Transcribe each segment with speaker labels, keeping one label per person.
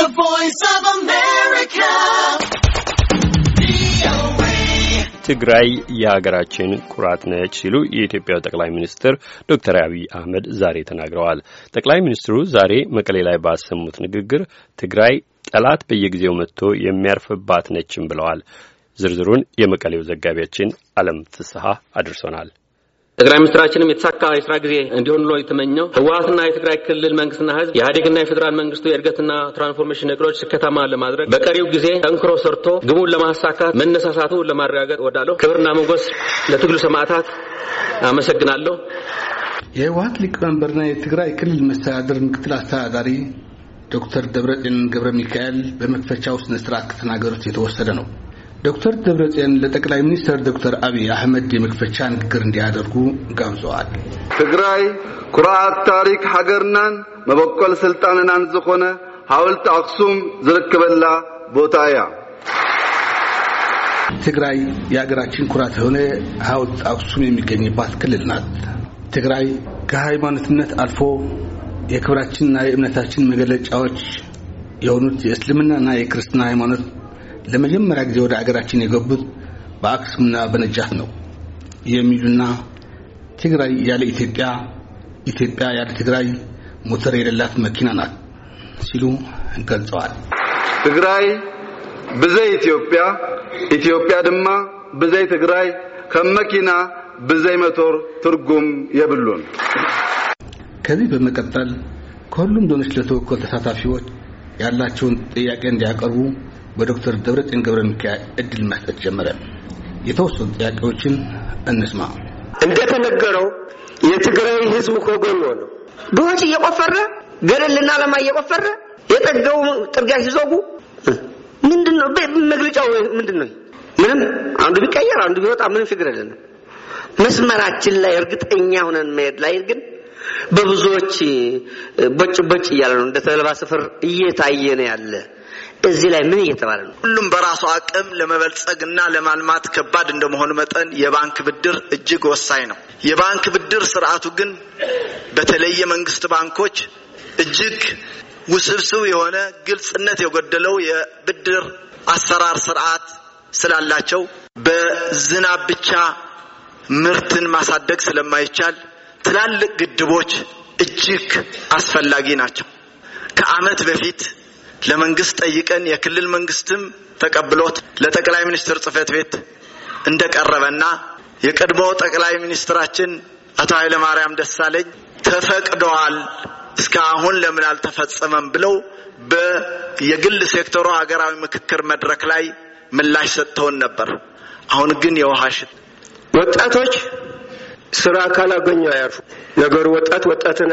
Speaker 1: The Voice of America.
Speaker 2: ትግራይ የሀገራችን ኩራት ነች ሲሉ የኢትዮጵያው ጠቅላይ ሚኒስትር ዶክተር አብይ አህመድ ዛሬ ተናግረዋል። ጠቅላይ ሚኒስትሩ ዛሬ መቀሌ ላይ ባሰሙት ንግግር ትግራይ ጠላት በየጊዜው መጥቶ የሚያርፍባት ነችም ብለዋል። ዝርዝሩን የመቀሌው ዘጋቢያችን አለም ፍስሐ አድርሶናል።
Speaker 3: ጠቅላይ ሚኒስትራችንም የተሳካ የስራ ጊዜ እንዲሆን ነው የተመኘው። ህወሀትና የትግራይ ክልል መንግስትና ህዝብ የኢህአዴግና የፌዴራል መንግስቱ የእድገትና ትራንስፎርሜሽን እቅዶች ስኬታማ ለማድረግ በቀሪው ጊዜ ጠንክሮ ሰርቶ ግቡን ለማሳካት መነሳሳቱ ለማረጋገጥ ወዳለሁ። ክብርና መንጎስ ለትግሉ ሰማዕታት። አመሰግናለሁ። የህወሀት ሊቀመንበርና የትግራይ ክልል መስተዳደር ምክትል አስተዳዳሪ ዶክተር ደብረጤን ገብረ ሚካኤል በመክፈቻው ስነ ከተናገሩት የተወሰደ ነው። ዶክተር ደብረጽዮን ለጠቅላይ ሚኒስትር ዶክተር አብይ አህመድ የመክፈቻ ንግግር እንዲያደርጉ ጋብዘዋል።
Speaker 1: ትግራይ ኩርዓት ታሪክ ሃገርናን መበቆል ስልጣንናን ዝኾነ ሓወልቲ አክሱም ዝርክበላ ቦታ እያ።
Speaker 3: ትግራይ የሀገራችን ኩራት የሆነ ሐውልት አክሱም የሚገኝባት ክልል ናት። ትግራይ ከሃይማኖትነት አልፎ የክብራችንና የእምነታችን መገለጫዎች የሆኑት የእስልምናና የክርስትና ሃይማኖት ለመጀመሪያ ጊዜ ወደ አገራችን የገቡት በአክሱምና በነጃት ነው የሚሉና ትግራይ ያለ ኢትዮጵያ፣ ኢትዮጵያ ያለ ትግራይ ሞተር የሌላት መኪና ናት ሲሉ
Speaker 1: ገልጸዋል። ትግራይ ብዘይ ኢትዮጵያ ኢትዮጵያ ድማ ብዘይ ትግራይ ከመኪና ብዘይ መቶር ትርጉም የብሉን።
Speaker 3: ከዚህ በመቀጠል ከሁሉም ዞኖች ለተወከሉ ተሳታፊዎች ያላቸውን ጥያቄ እንዲያቀርቡ በዶክተር ደብረጽዮን ገብረ ሚካኤል እድል መስጠት ጀመረ። የተወሰኑ ጥያቄዎችን እንስማ።
Speaker 2: እንደተነገረው የትግራይ ህዝብ ከጎን ነው። ድሆች እየቆፈረ ገደል ልናለማ እየቆፈረ የጠገቡ ጥርጊያ ሲዘጉ ምንድን ነው መግለጫው? ምንድን ነው? ምንም አንዱ ቢቀየር አንዱ ቢወጣ ምንም ችግር የለንም። መስመራችን ላይ እርግጠኛ ሆነን መሄድ ላይ ግን በብዙዎች በጭ በጭ እያለ ነው። እንደ ተልባ ስፍር እየታየ ነው ያለ እዚህ ላይ ምን እየተባለ ነው?
Speaker 3: ሁሉም በራሱ አቅም ለመበልጸግና ለማልማት ከባድ እንደመሆኑ መጠን የባንክ ብድር እጅግ ወሳኝ ነው። የባንክ ብድር ስርዓቱ ግን በተለይ የመንግስት ባንኮች እጅግ ውስብስብ የሆነ ግልጽነት የጎደለው የብድር አሰራር ስርዓት ስላላቸው በዝናብ ብቻ ምርትን ማሳደግ ስለማይቻል ትላልቅ ግድቦች እጅግ አስፈላጊ ናቸው። ከዓመት በፊት ለመንግስት ጠይቀን የክልል መንግስትም ተቀብሎት ለጠቅላይ ሚኒስትር ጽህፈት ቤት እንደቀረበና የቀድሞ ጠቅላይ ሚኒስትራችን አቶ ኃይለ ማርያም ደሳለኝ ተፈቅደዋል እስካሁን ለምን አልተፈጸመም ብለው በየግል ሴክተሩ ሀገራዊ ምክክር መድረክ ላይ ምላሽ ሰጥተውን ነበር። አሁን ግን የውሃ ሽት ወጣቶች ስራ ካላገኙ አያርፉ። ነገሩ
Speaker 2: ወጣት ወጣትን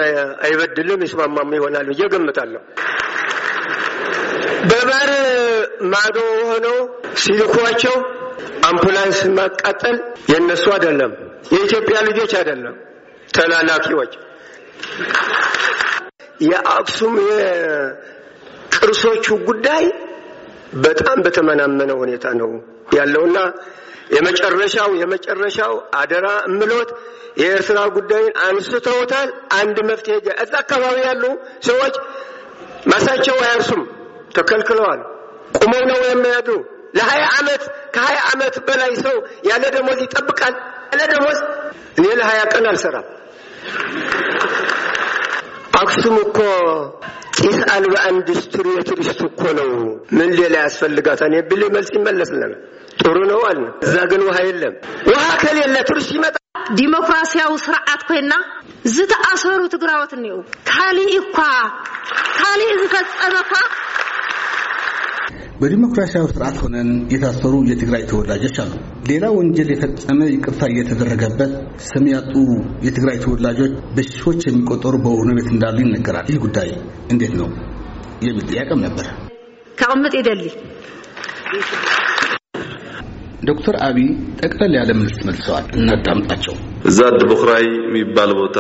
Speaker 2: አይበድልም፣ ይስማማም ይሆናል ብዬ ገምታለሁ። በባህር ማዶ ሆነው ሲልኳቸው አምቡላንስ ማቃጠል የእነሱ አይደለም፣ የኢትዮጵያ ልጆች አይደለም፣ ተላላኪዎች የአክሱም የቅርሶቹ ጉዳይ በጣም በተመናመነ ሁኔታ ነው ያለውና የመጨረሻው የመጨረሻው አደራ እምሎት የኤርትራ ጉዳይን አንስተውታል። አንድ መፍትሄ እዛ አካባቢ ያሉ ሰዎች ማሳቸው አያርሱም። ተከልክለዋል። ቁመው ነው የሚያዱ ለሀያ ዓመት ከሀያ ዓመት በላይ ሰው ያለ ደሞዝ ይጠብቃል። ያለ ደሞዝ እኔ ለሀያ ቀን አልሰራም። አክሱም እኮ ጢስ አልባ ኢንዱስትሪ የቱሪስት እኮ ነው። ምን ሌላ ያስፈልጋታል? የብል መልስ ይመለስልናል። ጥሩ ነው አለ። እዛ ግን ውሃ የለም። ውሃ ከሌለ ቱሪስት ይመጣ ዲሞክራሲያዊ ስርዓት ኮይና ዝተኣሰሩ ትግራዎት እኒኡ ካሊእ እኳ ካሊእ ዝፈፀመ
Speaker 3: በዲሞክራሲያዊ ስርዓት ሆነን የታሰሩ የትግራይ ተወላጆች አሉ። ሌላ ወንጀል የፈጸመ ይቅርታ እየተደረገበት ስም ያጡ የትግራይ ተወላጆች በሺዎች የሚቆጠሩ በሆነ ቤት እንዳሉ ይነገራል። ይህ ጉዳይ እንዴት ነው የሚል ጥያቄም ነበር። ተቀምጥ ይደሊ ዶክተር አብይ ጠቅለል ያለ መልስ መልሰዋል። እናዳምጣቸው።
Speaker 1: እዛ አድቦክራይ የሚባል ቦታ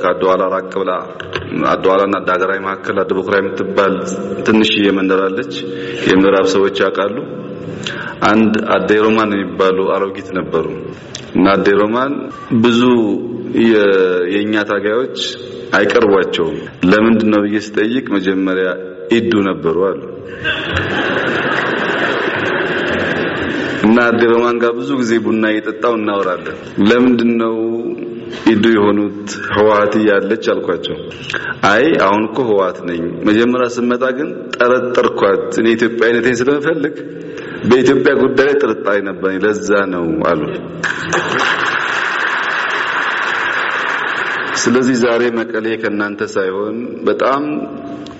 Speaker 1: ከአድዋላ ራቅ ብላ አድዋላና ዳገራይ መካከል አድቦክራይ የምትባል ትንሽዬ መንደር አለች። የምዕራብ ሰዎች ያውቃሉ። አንድ ሮማን የሚባሉ አሮጊት ነበሩ እና ሮማን ብዙ የእኛ ታጋዮች አይቀርቧቸውም። ለምንድን ነው ብዬ ስጠይቅ መጀመሪያ ኢዱ ነበሩ አሉ። እና አብዱረህማን ጋር ብዙ ጊዜ ቡና እየጠጣው እናወራለን። ለምንድን ነው ኢዱ የሆኑት ህወሀት እያለች አልኳቸው። አይ አሁን እኮ ህወሀት ነኝ፣ መጀመሪያ ስመጣ ግን ጠረጠርኳት። እኔ ኢትዮጵያዊነቴን ስለምፈልግ በኢትዮጵያ ጉዳይ ላይ ጥርጣሬ ነበር፣ ለዛ ነው አሉ። ስለዚህ ዛሬ መቀሌ ከእናንተ ሳይሆን በጣም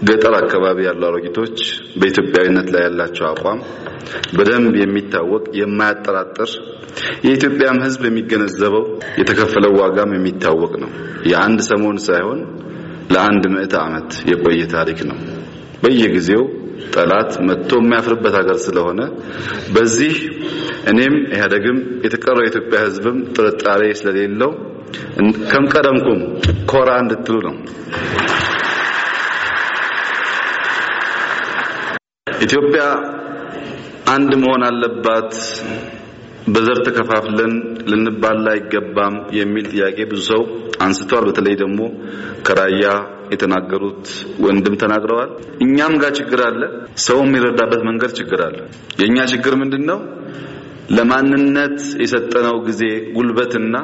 Speaker 1: ገጠር አካባቢ ያሉ አሮጊቶች በኢትዮጵያዊነት ላይ ያላቸው አቋም በደንብ የሚታወቅ የማያጠራጥር የኢትዮጵያም ሕዝብ የሚገነዘበው የተከፈለው ዋጋም የሚታወቅ ነው። የአንድ ሰሞን ሳይሆን ለአንድ ምዕተ ዓመት የቆየ ታሪክ ነው። በየጊዜው ጠላት መጥቶ የሚያፍርበት ሀገር ስለሆነ በዚህ እኔም ኢህአዴግም የተቀረው የኢትዮጵያ ሕዝብም ጥርጣሬ ስለሌለው ከምቀደምኩም ኮራ እንድትሉ ነው። ኢትዮጵያ አንድ መሆን አለባት፣ በዘር ተከፋፍለን ልንባላ አይገባም የሚል ጥያቄ ብዙ ሰው አንስተዋል። በተለይ ደግሞ ከራያ የተናገሩት ወንድም ተናግረዋል። እኛም ጋር ችግር አለ። ሰው የሚረዳበት መንገድ ችግር አለ። የኛ ችግር ምንድነው? ለማንነት የሰጠነው ጊዜ ጉልበትና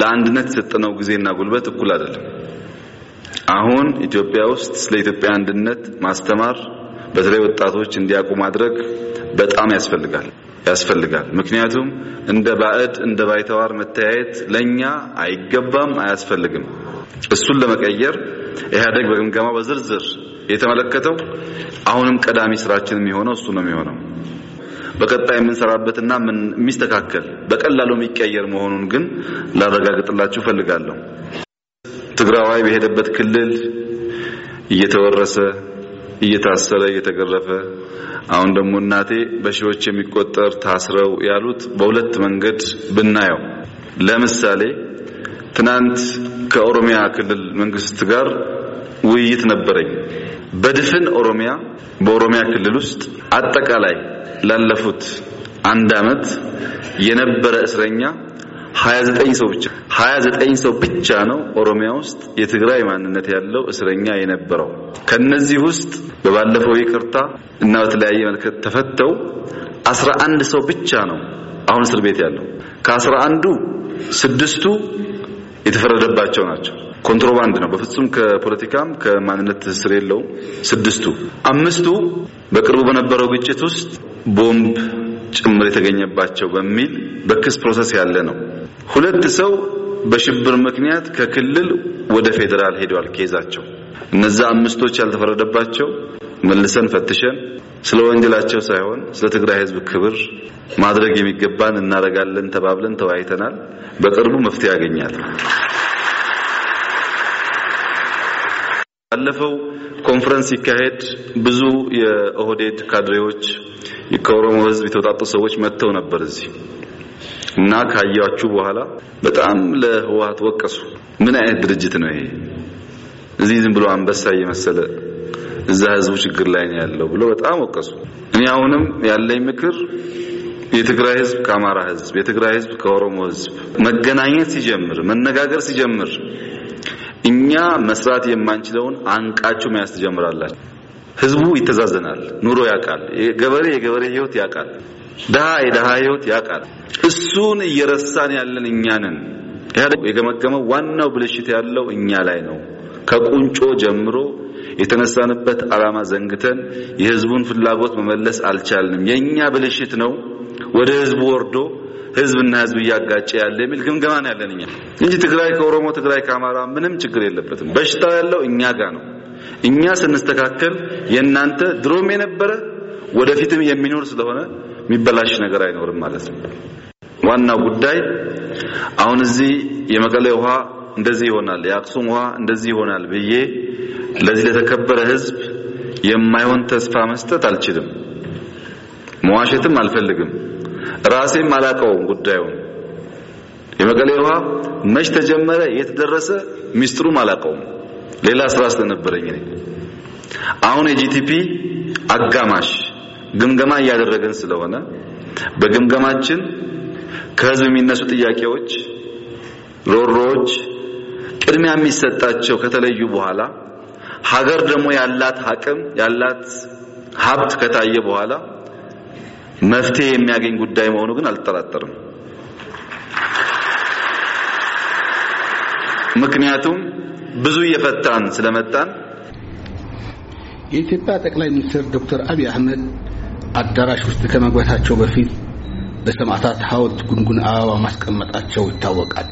Speaker 1: ለአንድነት የሰጠነው ጊዜና ጉልበት እኩል አይደለም። አሁን ኢትዮጵያ ውስጥ ስለ ኢትዮጵያ አንድነት ማስተማር በተለይ ወጣቶች እንዲያውቁ ማድረግ በጣም ያስፈልጋል ያስፈልጋል። ምክንያቱም እንደ ባዕድ እንደ ባይተዋር መተያየት ለኛ አይገባም፣ አያስፈልግም። እሱን ለመቀየር ኢህአዴግ በግምገማው በዝርዝር የተመለከተው አሁንም ቀዳሚ ስራችን የሚሆነው እሱ ነው የሚሆነው በቀጣይ የምንሰራበትና የሚስተካከል በቀላሉ የሚቀየር መሆኑን ግን ላረጋግጥላችሁ ፈልጋለሁ። ትግራዋይ በሄደበት ክልል እየተወረሰ እየታሰረ እየተገረፈ አሁን ደግሞ እናቴ በሺዎች የሚቆጠር ታስረው ያሉት በሁለት መንገድ ብናየው ለምሳሌ ትናንት ከኦሮሚያ ክልል መንግስት ጋር ውይይት ነበረኝ። በድፍን ኦሮሚያ በኦሮሚያ ክልል ውስጥ አጠቃላይ ላለፉት አንድ አመት የነበረ እስረኛ 29 ሰው ብቻ 29 ሰው ብቻ ነው ኦሮሚያ ውስጥ የትግራይ ማንነት ያለው እስረኛ የነበረው። ከነዚህ ውስጥ በባለፈው ይቅርታ እና በተለያየ መልከት ተፈተው 11 ሰው ብቻ ነው አሁን እስር ቤት ያለው። ከ11ዱ ስድስቱ የተፈረደባቸው ናቸው። ኮንትሮባንድ ነው። በፍጹም ከፖለቲካም ከማንነት ትስስር የለውም። ስድስቱ አምስቱ በቅርቡ በነበረው ግጭት ውስጥ ቦምብ ጭምር የተገኘባቸው በሚል በክስ ፕሮሰስ ያለ ነው። ሁለት ሰው በሽብር ምክንያት ከክልል ወደ ፌዴራል ሄደዋል። ኬዛቸው እነዛ አምስቶች ያልተፈረደባቸው መልሰን ፈትሸን ስለ ወንጀላቸው ሳይሆን ስለ ትግራይ ሕዝብ ክብር ማድረግ የሚገባን እናደርጋለን ተባብለን ተወያይተናል። በቅርቡ መፍትሄ ያገኛል። ባለፈው ኮንፈረንስ ሲካሄድ ብዙ የኦህዴድ ካድሬዎች ከኦሮሞ ህዝብ የተውጣጡ ሰዎች መጥተው ነበር እዚህ እና ካያችሁ በኋላ በጣም ለህወሓት ወቀሱ። ምን አይነት ድርጅት ነው ይሄ? እዚህ ዝም ብሎ አንበሳ እየመሰለ እዛ ህዝቡ ችግር ላይ ነው ያለው ብሎ በጣም ወቀሱ። እኔ አሁንም ያለኝ ምክር የትግራይ ህዝብ ከአማራ ህዝብ፣ የትግራይ ህዝብ ከኦሮሞ ህዝብ መገናኘት ሲጀምር፣ መነጋገር ሲጀምር እኛ መስራት የማንችለውን አንቃችሁ መያዝ ትጀምራላችሁ። ህዝቡ ይተዛዘናል፣ ኑሮ ያውቃል፣ ገበሬ የገበሬ ህይወት ያውቃል፣ ድሃ የድሃ ህይወት ያውቃል። እሱን እየረሳን ያለን እኛንን የገመገመው ዋናው ብልሽት ያለው እኛ ላይ ነው። ከቁንጮ ጀምሮ የተነሳንበት ዓላማ ዘንግተን የህዝቡን ፍላጎት መመለስ አልቻልንም። የኛ ብልሽት ነው። ወደ ህዝቡ ወርዶ ህዝብና ህዝብ እያጋጨ ያለ የሚል ግምገማ ነው ያለን እኛ እንጂ ትግራይ ከኦሮሞ ትግራይ ከአማራ ምንም ችግር የለበትም። በሽታው ያለው እኛ ጋር ነው። እኛ ስንስተካከል የእናንተ ድሮም የነበረ ወደፊትም የሚኖር ስለሆነ የሚበላሽ ነገር አይኖርም ማለት ነው። ዋናው ጉዳይ አሁን እዚህ የመቀሌ ውሃ እንደዚህ ይሆናል፣ የአክሱም ውሃ እንደዚህ ይሆናል ብዬ ለዚህ ለተከበረ ህዝብ የማይሆን ተስፋ መስጠት አልችልም። መዋሸትም አልፈልግም። ራሴም አላቀውም ጉዳዩን። የመቀሌ ውሃ መች ተጀመረ፣ የተደረሰ ሚስጥሩም አላቀውም። ሌላ ስራ ስለነበረኝ ነኝ አሁን የጂቲፒ አጋማሽ ግምገማ እያደረግን ስለሆነ በግምገማችን ከህዝብ የሚነሱ ጥያቄዎች፣ ሮሮዎች ቅድሚያ የሚሰጣቸው ከተለዩ በኋላ ሀገር ደግሞ ያላት አቅም ያላት ሀብት ከታየ በኋላ መፍትሄ የሚያገኝ ጉዳይ መሆኑ ግን አልጠራጠርም። ምክንያቱም ብዙ እየፈታን ስለመጣን።
Speaker 3: የኢትዮጵያ ጠቅላይ ሚኒስትር ዶክተር አብይ አህመድ አዳራሽ ውስጥ ከመግባታቸው በፊት በሰማዕታት ሐውልት ጉንጉን አበባ ማስቀመጣቸው ይታወቃል።